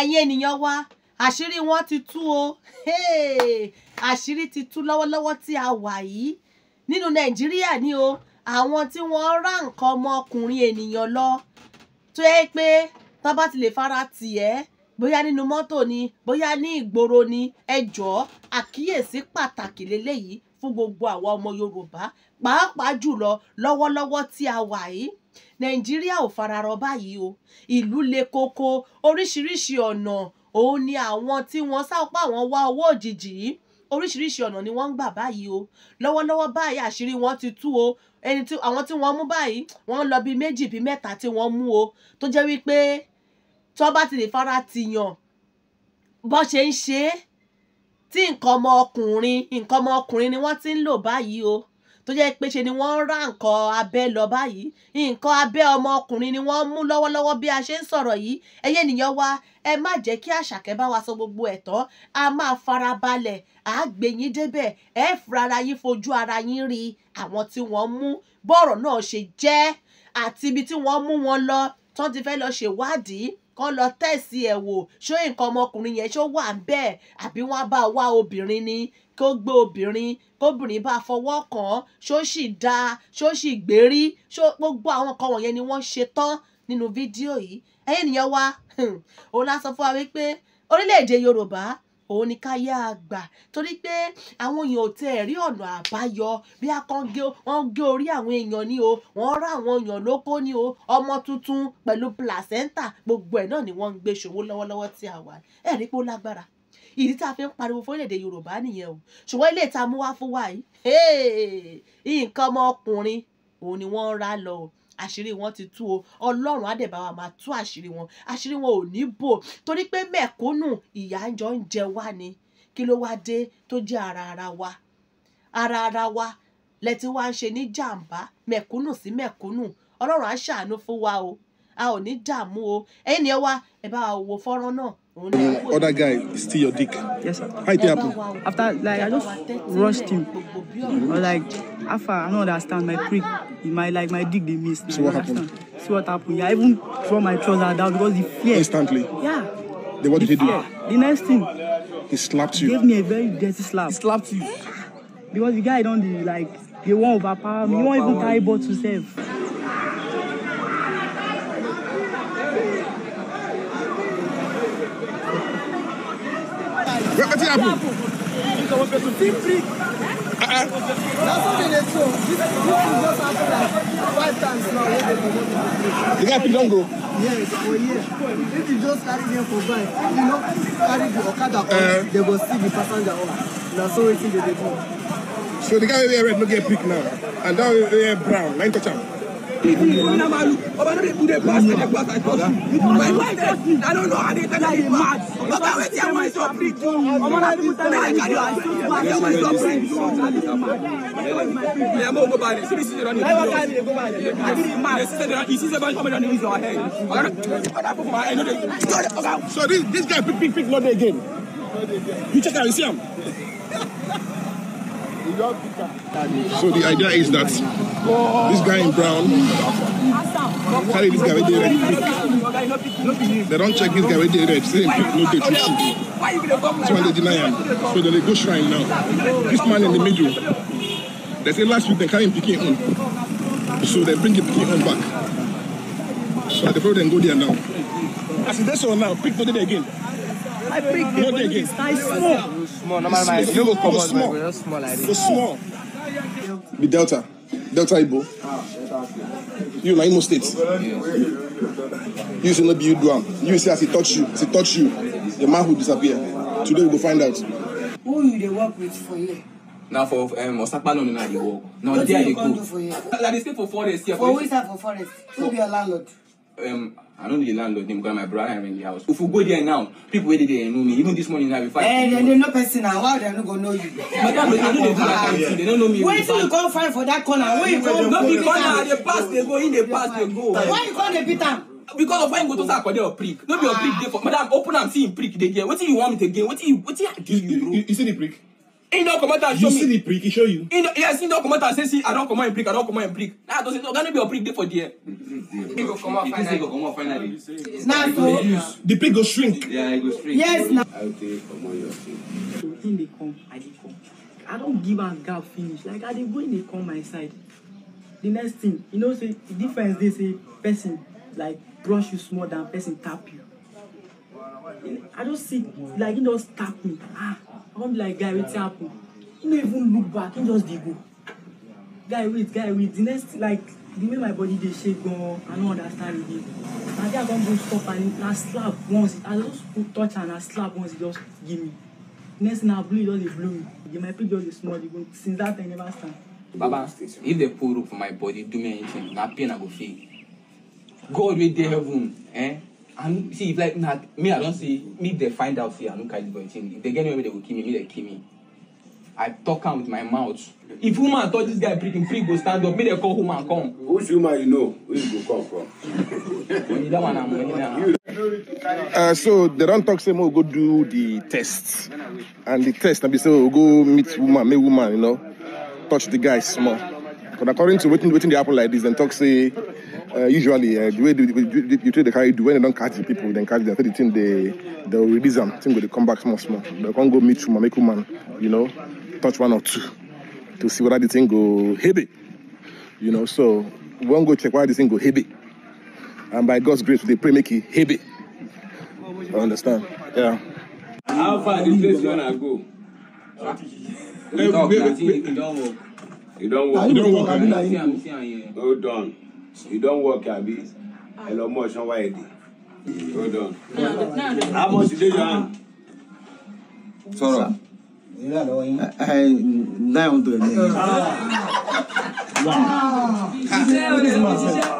ẹ̀yin ènìyàn wa àṣírí wọn ti tú o àṣírí ti tú lọ́wọ́lọ́wọ́ tí a wà yìí nínú nàìjíríà ni o àwọn tí wọ́n ra nǹkan ọmọkùnrin ènìyàn lọ tó yẹ pé tó bá ti lè fara tì ẹ́ bóyá nínú mọ́tò ni bóyá ní ìgboro ni ẹ jọ̀ọ́ àkíyèsí pàtàkì lélẹ́yìí fún gbogbo àwa ọmọ yorùbá pàápàá jùlọ lọ́wọ́lọ́wọ́ tí a wà yìí nàìjíríà ò fararọ báyìí o ìlú le koko oríṣiríṣi ọ̀nà òun ni àwọn tí wọ́n sápá àwọn wá owó òjijì yìí oríṣiríṣi ọ̀nà ni wọ́n ń gbà báyìí o lọ́wọ́lọ́wọ́ báyìí àṣírí wọn ti tú o ẹni tí àwọn tí wọ́n mú báyìí wọ́n lọ bíi méjì bíi mẹ́ta tí wọ́n mú o tó jẹ́ wípé tó bá ti lè fara tìyàn bó ṣe ń ṣe é tí nǹkan ọmọkùnrin nǹkan ọmọkùnrin ni wọ́n ti ń lò báyìí o tó jẹ́ pé ṣe ni wọ́n ń rá nǹkan abẹ́ lọ báyìí nǹkan abẹ́ ọmọkùnrin ni wọ́n mú lọ́wọ́lọ́wọ́ bí a ṣe ń sọ̀rọ̀ yìí ẹyẹ ènìyàn wa ẹ má jẹ́ kí àṣàkẹ́ bá wa sọ gbogbo ẹ̀ tán a máa farabalẹ̀ à á gbé yín débẹ̀ ẹ fúrara yín fojú ara yín rí àwọn tí wọ́n mú bọ́ọ̀rọ̀ náà ṣe jẹ́ àti ibi tí wọ́n mú wọn lọ tán ti fẹ́ lọ ṣèwádìí kán lọ tẹ̀sí ẹ̀ wò ṣé nǹkan ọmọkùnrin yẹn ṣó wà ń bẹ́ẹ̀ àbí wọ́n bá wá obìnrin ni tó gbé obìnrin kóbìnrin bá fọwọ́ kàn án ṣó sì da ṣó sì gbérí ṣó gbogbo àwọn nǹkan wọ̀nyẹn ni wọ́n ṣe tán nínú fídíò yìí ẹ̀yin ènìyàn wa hmm, òun la sọ fún wa wípé orílẹ̀-èdè Yorùbá òun ni ká yá a gbà torí pé àwọn èèyàn ò tẹ ẹ̀rí ọ̀nà àbáyọ bí akọ́ngé wọ́n gé orí àwọn èèyàn ni o wọ́n rá àwọn èèyàn lóko ni o ọmọ tuntun pẹ̀lú placenta gbogbo ẹ̀ náà ni wọ́n ń gbé ṣòwò lọ́wọ́lọ́wọ́ tí a wà ẹ̀rí pé ó lágbára ìdí tá a fi ń pariwo fún orílẹ̀-èdè yorùbá nìyẹn o ṣùgbọ́n ilé ìta mú wá fún wa yìí nǹkan ọmọkùnrin òun ni wọ́n ń rá lọ o àṣírí wọn ti tú o ọlọ́run á dẹ̀ bá wa máa tú àṣírí wọn àṣírí wọn ò ní bò torí pé mẹ̀kúnnù ìyà ń jọ ń jẹ wá ni kí ló wá dé tó jẹ́ ara ara wa ara ara wa lẹ ti wá ń ṣe ní jàǹbá mẹ̀kúnnù sí mẹ̀kúnnù ọlọ́run á fún wa o a ò ní dààmú o ẹ̀yin ni ẹ wá ẹ bá wo fọ́nrán náà Um, other guy steal your dick. Yes, sir. How it happened? After, like, I just rushed him. Or, like, after I don't understand, my prick, my, like, my dick, they missed. So, what happened? See what happened? Yeah, I even throw my trousers down because the fear. Instantly? Yeah. Then what the did he do? The next thing. He slapped you. He gave me a very dirty slap. He slapped you. Because the guy don't, like, he won't overpower me. He won't even carry bottle to save. wetin happen. team break. na so dey the guy pick don go. yes for here if you just carry them for bike if you no carry the okada on uh, uh-huh. they will see the passenger on na so wetin dey dey do. so the guy wey wear red no get pick now and that one wey wear brown na touch am. TV ìfúnná máa lu ọba náà lè kúndé pass and pass and pass you my wife I don't know how they tell me mad ọba wey ti àwọn ìṣọ free ju ọmọ náà ti tẹ̀lé àìkàdé wa àti àwọn ìṣọ free ju ẹ̀ mọ̀ gbọ́ba rẹ̀ síbi sísè lọ́nà ìdílé àti mad ìsísè bá ọmọdé ní ìṣọ̀ ẹ̀ ọ̀dà fúnfún ẹ̀ lóde ọ̀gá. So this, this guy pick pick pick lọ́dẹ again you check out. you see him. So the idea is that This guy in brown. Carry this guy with the red. They don't check this guy with the red. See him no get you So when they deny him, so they go shrine now. This man in the middle. They say last week they carry him picking on. So they bring the picking on back. So the problem go there now. As this one now, pick no day again. I pick no day again. Nice small. Small, no matter. You go come on, small. Small like this. Small. The Delta. Delta Ibo. You na Imo State. You say no be you do am. You say as e touch you, as e touch you, the man who disappear. Today we go find out. Who you dey work with for here? na for um, osakpano na dey work na there i dey go na dey stay for forest here for which side for forest who be your landlord um, I know the landlord name because my brother rent the house. If we go there now, people waiting they know me. Even this morning now we fight. Eh, they, they no person now. How they no go know you? Madam, they don't know me. They don't know me. Wait till you go find for that corner. Where you go? No be corner. They pass, they go in, they pass, they go. Why you call the bitter? because of when go to start for there prick. No be your prick ah. madam. Open and see him prick dey there. Wetin you want me to gain? Wetin you, wetin I give you, bro? you see the prick? He don't come out and show you me. You see the prick, he show you. He don't, yes, he don't come out and say, see, I don't come out and prick, I don't come out and prick. Nah, it no, gonna be a prick day for there. It go come out finally. It go come out finally. Nah, so the prick go shrink. Yeah, it go shrink. Yes, now. I'll come on your thing. When they come, I dey come. I don't give a gap finish. Like I dey go in dey come my side. The next thing, you know, say the difference They say person like brush you small than person tap you. I don't see like he just tap me. Ah i come be like guy wetin happen he don't even look back he just dey go guy wait guy wait the next like the way my body dey shake gan i no understand again na there i come go stop and na slap once i just touch and na slap once he just give me next thing na blow he just dey blow me the my pig just dey small dey since that time never stand. baba if they pull rope for my body do me anything na pain i go feel god wey dey heaven eh and see if like na me i don say make dem find out say i no carry the boy thing if dem get anywhere they go kill me make dem kill me i talk am with my mouth if woman touch this guy prick him prick go stand up make dem call woman come. which woman you know wey you go come from. money that one na money na. Uh, so they don talk say we go do the test and the test na be say we oh, go meet woman meet woman you know touch the guy small but according to wetin wetin dey happen like this dem talk say uh, usually uh, the way you they, they, they, they carry do when they don't catch the people, then catch them. So the thing they they'll release them. Thing will come back small small. They can't go meet to make man, you know, touch one or two to see whether the thing go heavy. You know, so we won't go check why the thing go heavy. And by God's grace, they pray make it heavy. I understand. Yeah. How far the place you wanna go? You don't work. You don't walk. Hold on. you don work abi ẹ lọ mú ọṣán wá èdè hold on how much dey your hand. sọ̀rọ̀ nine hundred naira. Ah.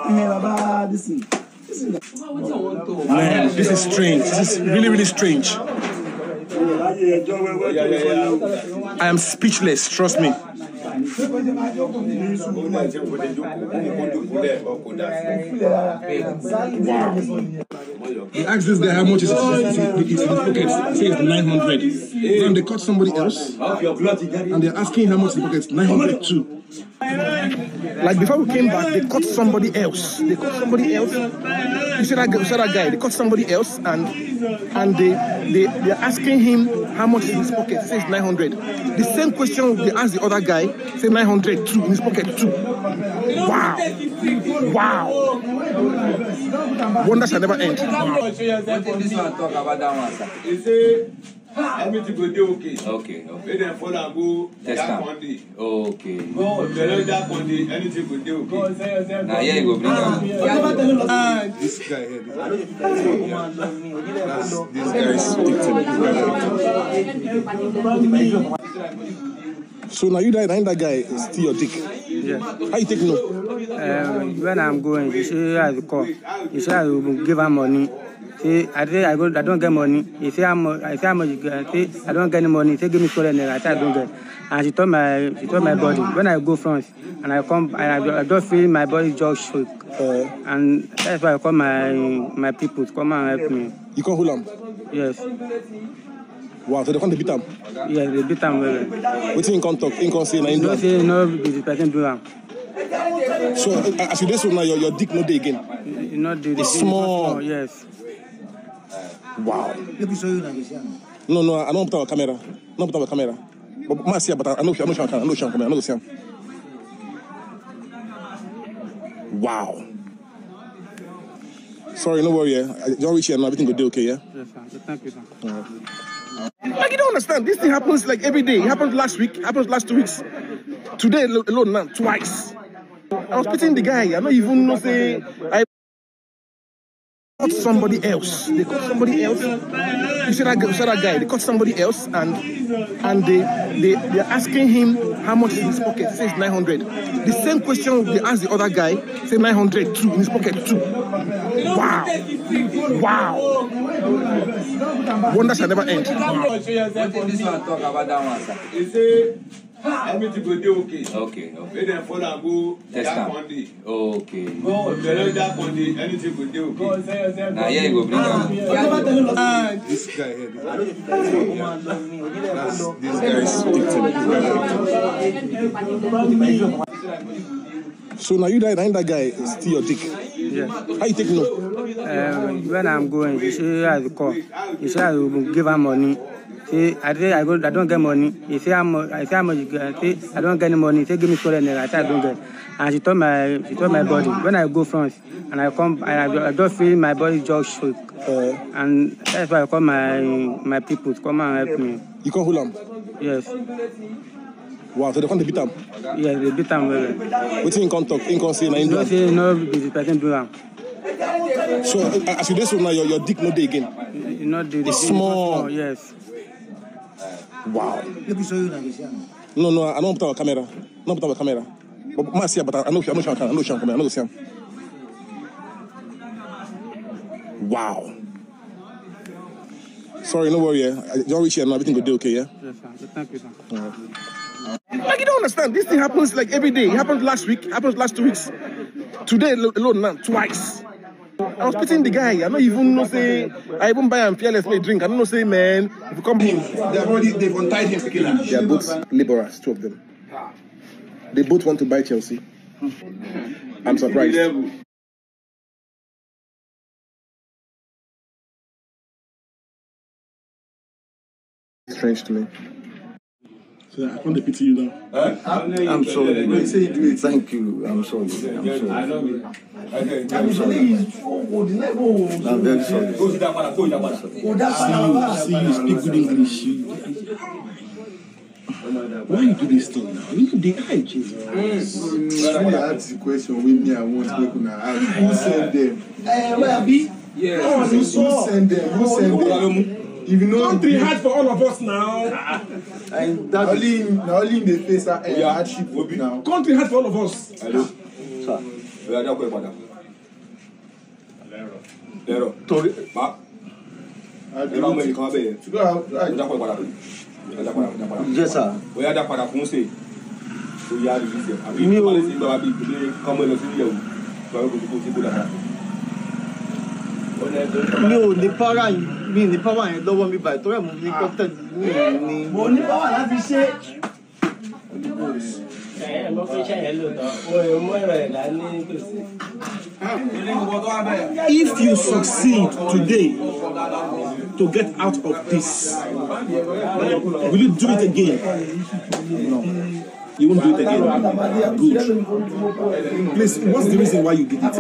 Ah. Ah. this is strange this is really really strange. I am speechless trust me. He asked this guy how much is his pocket. Say it's 900. Then they caught somebody else and they're asking how much the pocket. 900 too. Like before we came back, they caught somebody else. They caught somebody else. You see that, you see that guy? They caught somebody else and and they, they, they're asking him How much is his pocket? Says 900. The same question they ask the other guy, say 900 Two in his pocket Two. Wow. Wow. Wonder shall never end. What did this man talk about that one, sir? everything go dey okay. okay okay make dem follow am go that Monday. okay go if that Monday anything go dey okay. na here you go bring am. Ah, ah, this guy here this guy here this guy is victim. so na you that na that guy steal your dick. Yeah. how you take know. Um, when i'm going he say i go call he say i go give am money say I say I go I don't get money. He say how I say how much I say I don't get any money. He say give me two hundred I say I don't get. And she told my she told my body when I go France and I come and I, I just feel my body just shook. Uh, eh, and that's why I call my my people to come and help me. You call Hulam? Yes. Wow, so they come to beat him? Yes, they beat him well. What in contact, in contact. can No, say no, the person do am. So eh, as you dey so now, your your dick no dey again? No dey. It's small. small. Yes. Wow. No, no, I don't put on camera. I don't put on camera. But I see, but I know, I know, I know, I know, I know, Wow. Sorry, no worry. Yeah, y'all reach here and everything will do okay. Yeah. Yes, sir. Thank you, sir. Like you don't understand. This thing happens like every day. It happened last week. It happened last two weeks. Today alone now twice. I was pitting the guy. I don't even know say I. caught somebody else. They caught somebody else. You see that, you see that guy? They caught somebody else and and they they they are asking him how much is in his pocket. He says 900. The same question they ask the other guy. Say 900 too in his pocket too. Wow, wow. Wonders shall never end. Wow everything go dey okay. okay okay make dem follow go that Monday. okay go belle that Monday anything go dey okay. na here you go bring am. Ah, ah. ah. this guy here this guy this guy is victim. so na you die na that guy steal your dick. Yeah. how you take know. Um, when i'm going he say i go call he say i go give am money say I say I go I don't get money. He say how I say how much I say I don't get any money. He say give me two hundred I say I don't get. And she told my she told my body when I go France and I come and I, I just feel my body just shake. Uh, and that's why I call my my people to come and help me. You call Hulam? Yes. Wow, so they come to beat him? Yeah, they beat him well. Wetin him come talk? Him come say no be the person do am. So as you dey so now, your your dick no dey again? E no It's E small. Yes. Wow. Let me show you now. No, no, I don't put on camera. I don't put on camera. But I see her, but I know sure. I know sure. I know she, I not sure. Wow. Sorry, no worry. Yeah, I don't reach here and everything will be okay. Yeah. Yes, sir. Thank you, sir. Like you don't understand. This thing happens like every day. It happened last week. It happened last two weeks. Today alone now, twice. I was pitting the guy. I don't even know say I even buy him fearless me drink. I don't know say man. If you come here. they've already they've untied him. Killer. They are both liberals, two of them. They both want to buy Chelsea. I'm surprised. Strange to me. So I can't pity you now. I'm, sorry. When say do it, thank you. I'm sorry. I'm sorry. I love it. Okay. I'm sorry. I'm very sorry. Go to Japan. Go to Japan. Oh, that's ah, see, see, you speak good English. Oh, Why you do this thing now? You the guy, Jesus. Mm. I ask the question with me, I want to ask. Who sent them? Ah. Eh, where be? Yeah. Who sent them? Who sent them? Oh, oh, if you country hard for all of us now. and only him na only him dey face that uh, yeah. hardship obi now. country hard for all of us. hello sir. ẹ ajá kọ ẹ padà. lẹ́rọ̀. lẹ́rọ̀. torí. bá ẹ bá mọ èyí kan bẹ́ẹ̀ yẹn. ṣùgbọ́n ajá kọ ẹ padà. ajá padà ajá padà. yes sir. oyè ajá padà fún ṣe oyè àdìsí ṣe àbí ìgbàlẹ̀ sí ìgbàlẹ̀ bí ìpínlẹ̀ kọ́mọ ẹ lọ sí ìyẹ̀wò ìgbàlẹ̀ kò tó kó sí mi ò ní pàrà mi ní pàrà yẹn lọ́wọ́ mi báyìí torí ẹ̀ ní kọ́tẹ̀ ní. mo ní ah. pàrà láti ṣe. If you succeed today to get out of this, will you do it again? You won't do it again. Good. Please, what's the reason why you did it?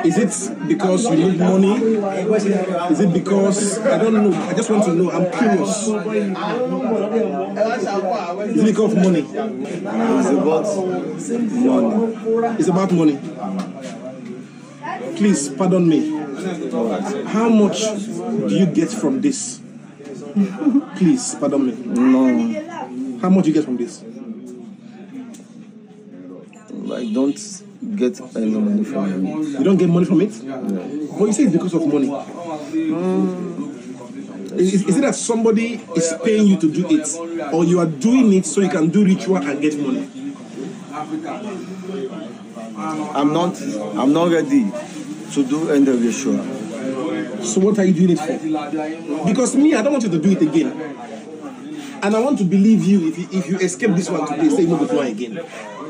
Please? Is it because you need money? Is it because I don't know? I just want to know. I'm curious. Is it because of money? It's about money. It's about money. Please pardon me. How much do you get from this? Please pardon me. No. How much you get from this? I don't get any money from it. You don't get money from it? Yeah. But you say it's because of money. Mm. Is, is it that somebody is paying you to do it, or you are doing it so you can do ritual and get money? I'm not. I'm not ready to do any ritual. So what are you doing it for? Because me, I don't want you to do it again. And I want to believe you if you, if you escape this one today, say no before again.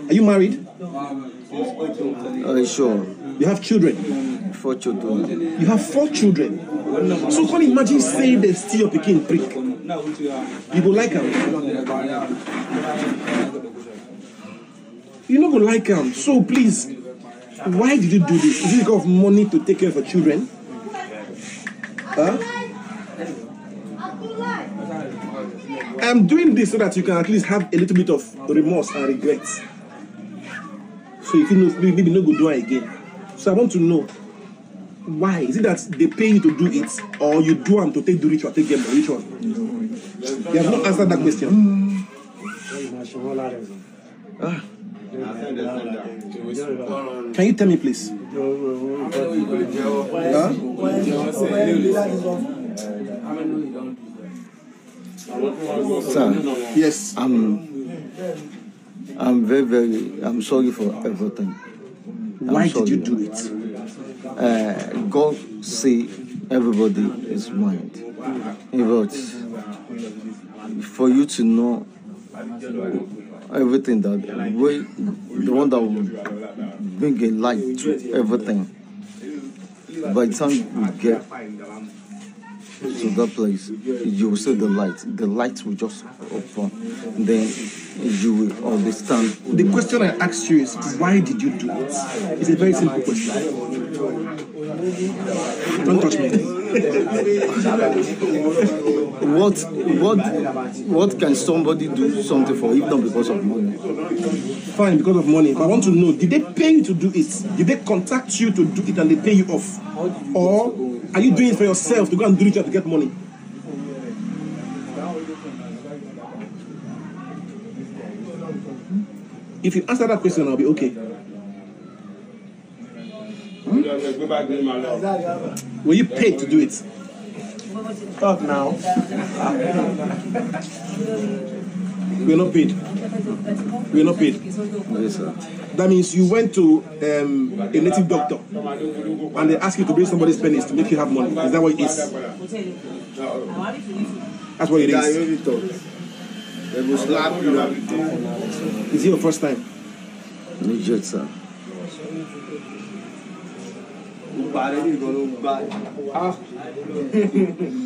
Are you married? Uh, sure. You have children? Four children. You have four children. So can you imagine saying they steal your picking prick? You like him. You not go like them. So please, why did you do this? Is it because of money to take care of your children? Huh? I'm doing this so that you can at least have a little bit of remorse and regret. So you feel maybe no go do it again. So I want to know why is it that they pay you to do it or you do them to take the ritual take get money which You have not answered that question. Ah. Can you tell me, please? Huh? Sir, yes, I'm. I'm very, very. I'm sorry for everything. I'm Why sorry. did you do it? Uh, God see everybody is mind. But for you to know everything that we, the one that will bring a light to everything. By the time we get to that place, you will see the light. The light will just open. Then you will understand. The question I asked you is why did you do it? It's a very simple question. Don't touch me. what what what can somebody do something for if not because of money? Fine, because of money. But I want to know, did they pay you to do it? Did they contact you to do it and they pay you off? Or Are you doing it for yourself to go and do it to get money? If you answer that question, I'll be okay. Hmm? Were you paid to do it? Stop now. We're not paid. We're not paid. Yes, sir. That means you went to um, a native doctor and they asked you to bring somebody's penis to make you have money. Is that what it is? That's what it is. Is it your first time? Yes, sir. Ah.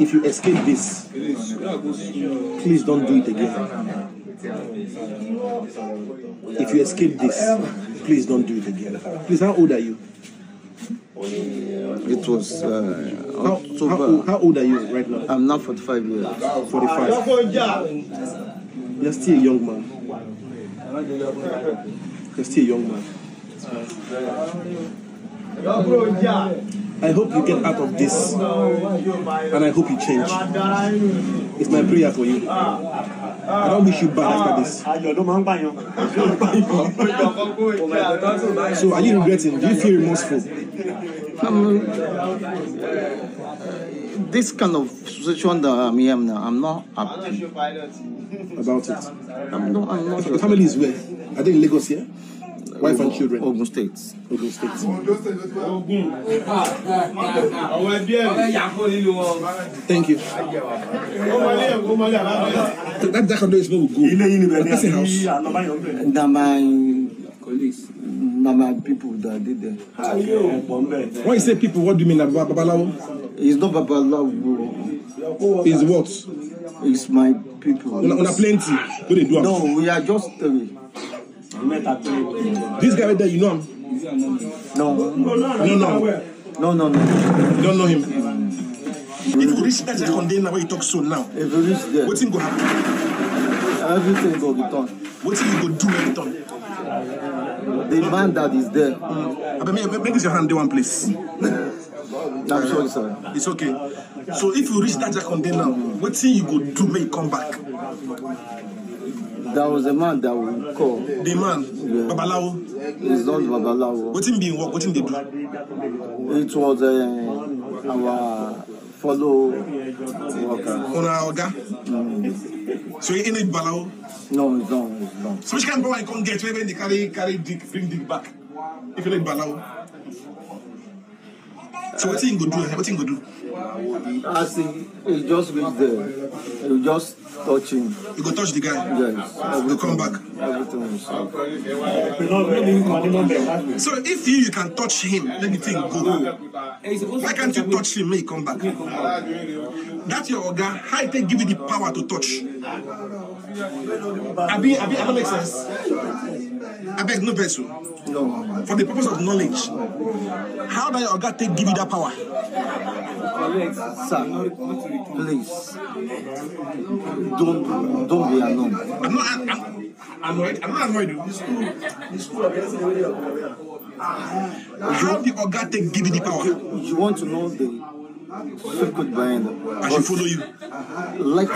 if you escape this, please don't do it again. If you escape this, please don't do it again. Please, how old are you? It was uh, how, how, old, how, old are you right now? I'm now 45 years. 45. You're still a young man. You're still a young man. I hope you get out of this and I hope you change. It's my prayer for you. I don't wish you bad after this. so are you regretting? Do you feel remorseful? Um, this kind of situation that I'm in now, I'm not happy about it. I'm not, I'm not. Your family is where? Are they in Lagos here? Yeah? wife and children. Ogun State. Ogun State. Ogun. Ọwọ́ ẹbí ẹ̀. Ọwọ́ ẹ̀yà kó nínú wọn. Thank you. Kọ́mọlé ẹ̀ kọ́mọlé àlábẹ́. That that condo is where we go. Ilé yìí ni bẹ̀rẹ̀ ní ẹ̀sìn house. Na my colleagues. Na my people that dey there. Ah, When you say people, what do you mean na babalawo? It's not babalawo. It's what? It's my people. Una, una plenty. Wey dey do am. No, we are just three. This guy right there, you know him? No. No, no, no. No, no, no. You don't know him? If you reach that second now where you talk so now, if you reach there, what's going to happen? Everything go be done. What you go do when done? The man that is there. Mm. make this your hand there one place. I'm sorry, sir. It's okay. So if you reach that second now, what you go do when you come back? There was a man that we call. The man? Yeah. Babalawo? It's not Babalawo. What him be work? What him they do? It was uh, our follow worker. On our Mm. So you in it Babalawo? No, it's not. It's not. So which kind of boy I can get when they carry, carry dick, bring dick back? If you like Babalawo? So what thing go do? What thing go do? As he, he just with the, he just touching. You go touch the guy? Yes. Everything, come back? So if you, you can touch him, let me think. go. Why can't you touch him, May he come back? That's your organ. How it give you the power to touch? Abi, Abi, Abi make sense. I beg no vessel. No. For the purpose of knowledge. How does your God take give you that power? sir, please, don't don't be annoyed. I'm not I'm, annoyed. I'm not annoyed. This school, this school, ah. how did your God take give you the power? You want to know the could bind. I she follow you. Let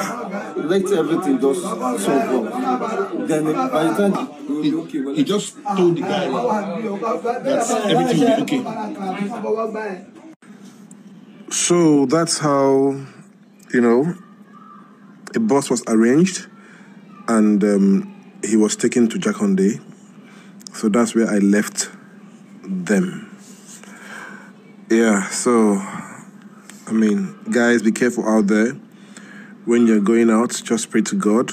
let everything just so up. Then by the time he, just told the guy that everything will be okay. So that's how you know a bus was arranged, and um, he was taken to Jackonde. So that's where I left them. Yeah. So. I mean, guys, be careful out there. When you're going out, just pray to God.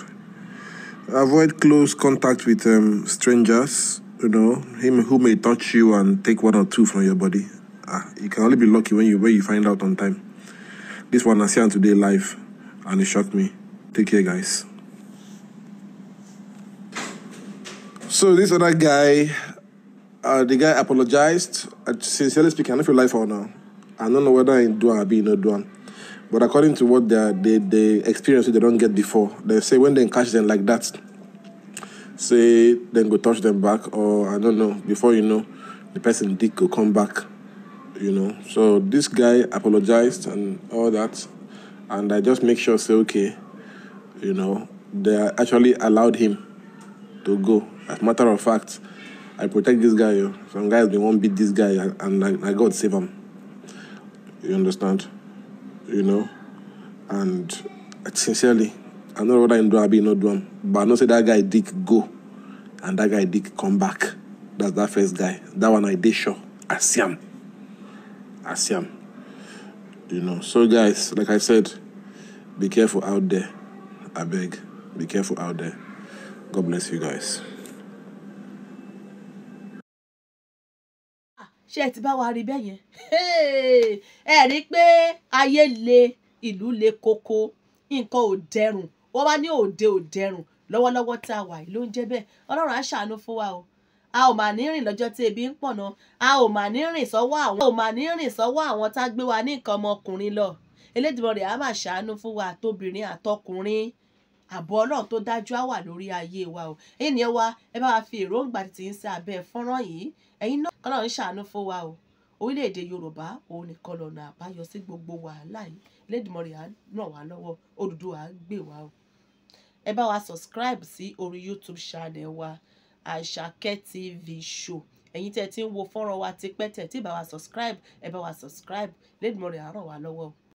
Avoid close contact with um, strangers, you know, him who may touch you and take one or two from your body. Ah, you can only be lucky when you when you find out on time. This one I see on today live, and it shocked me. Take care, guys. So this other guy, uh, the guy apologized. Uh, sincerely speaking, I don't feel life for now. I don't know whether I Duan or be in Duan, But according to what they they, they experience, they don't get before. They say when they catch them like that, say then go touch them back, or I don't know. Before you know, the person dick will come back, you know. So this guy apologized and all that, and I just make sure say okay, you know, they actually allowed him to go. As matter of fact, I protect this guy. Oh. Some guys they won't beat this guy, and, and I, I God save him. You understand? You know? And uh, sincerely, I know whether in Dwabi not Dwam, but I know say that guy Dick go and that guy Dick come back. That's that first guy. That one I did show, Asiam. Asiam. You know. So guys, like I said, be careful out there. I beg. Be careful out there. God bless you guys. ṣé ẹ ti bá wa rí bẹ́ẹ̀ yẹn ẹ rí i pé ayé le ìlú le koko nǹkan ò dẹrùn wọ́n bá ní òde ò dẹrùn lọ́wọ́lọ́wọ́ tá a wà yìí ló ń jẹ́ bẹ́ẹ̀ ọlọ́run á ṣàánú fún wa o a ò mà ní rìn lọ́jọ́ tí ebi ń pọ̀nà a ò mà ní rìn sọ́wọ́ àwọn a ò mà ní rìn sọ́wọ́ àwọn tá a gbé wa ní nǹkan ọmọkùnrin lọ elédìbọn rẹ̀ á mà ṣàánú fún wa àtobìnrin àtọkùnrin àbọ̀ ọlọ́run tó dájú á wà lórí ayé wa o ènìyàn wa ẹ bá wa fi èròǹgbà tí abẹ́ fọ́nrán yìí ẹ̀yin náà kọ́lọ́ ń ṣàánú fún wa o orílẹ̀-èdè yorùbá òun nìkan lọ́nà àbáyọ sí gbogbo wàhálà yìí lẹ́dìmọ̀rì á ràn wá lọ́wọ́ Odùduwà á gbè wá o ẹ bá wa subscribe sí orí youtube channel wa àṣàkẹ́ tv show ẹ̀yin tẹ́ ti ń wo fọ́nrán wa tipẹ́ tẹ́ ẹ bá wa subscribe ẹ bá wa subscribe lẹ́dìmọ̀rì á ràn wá lọ́wọ́ o.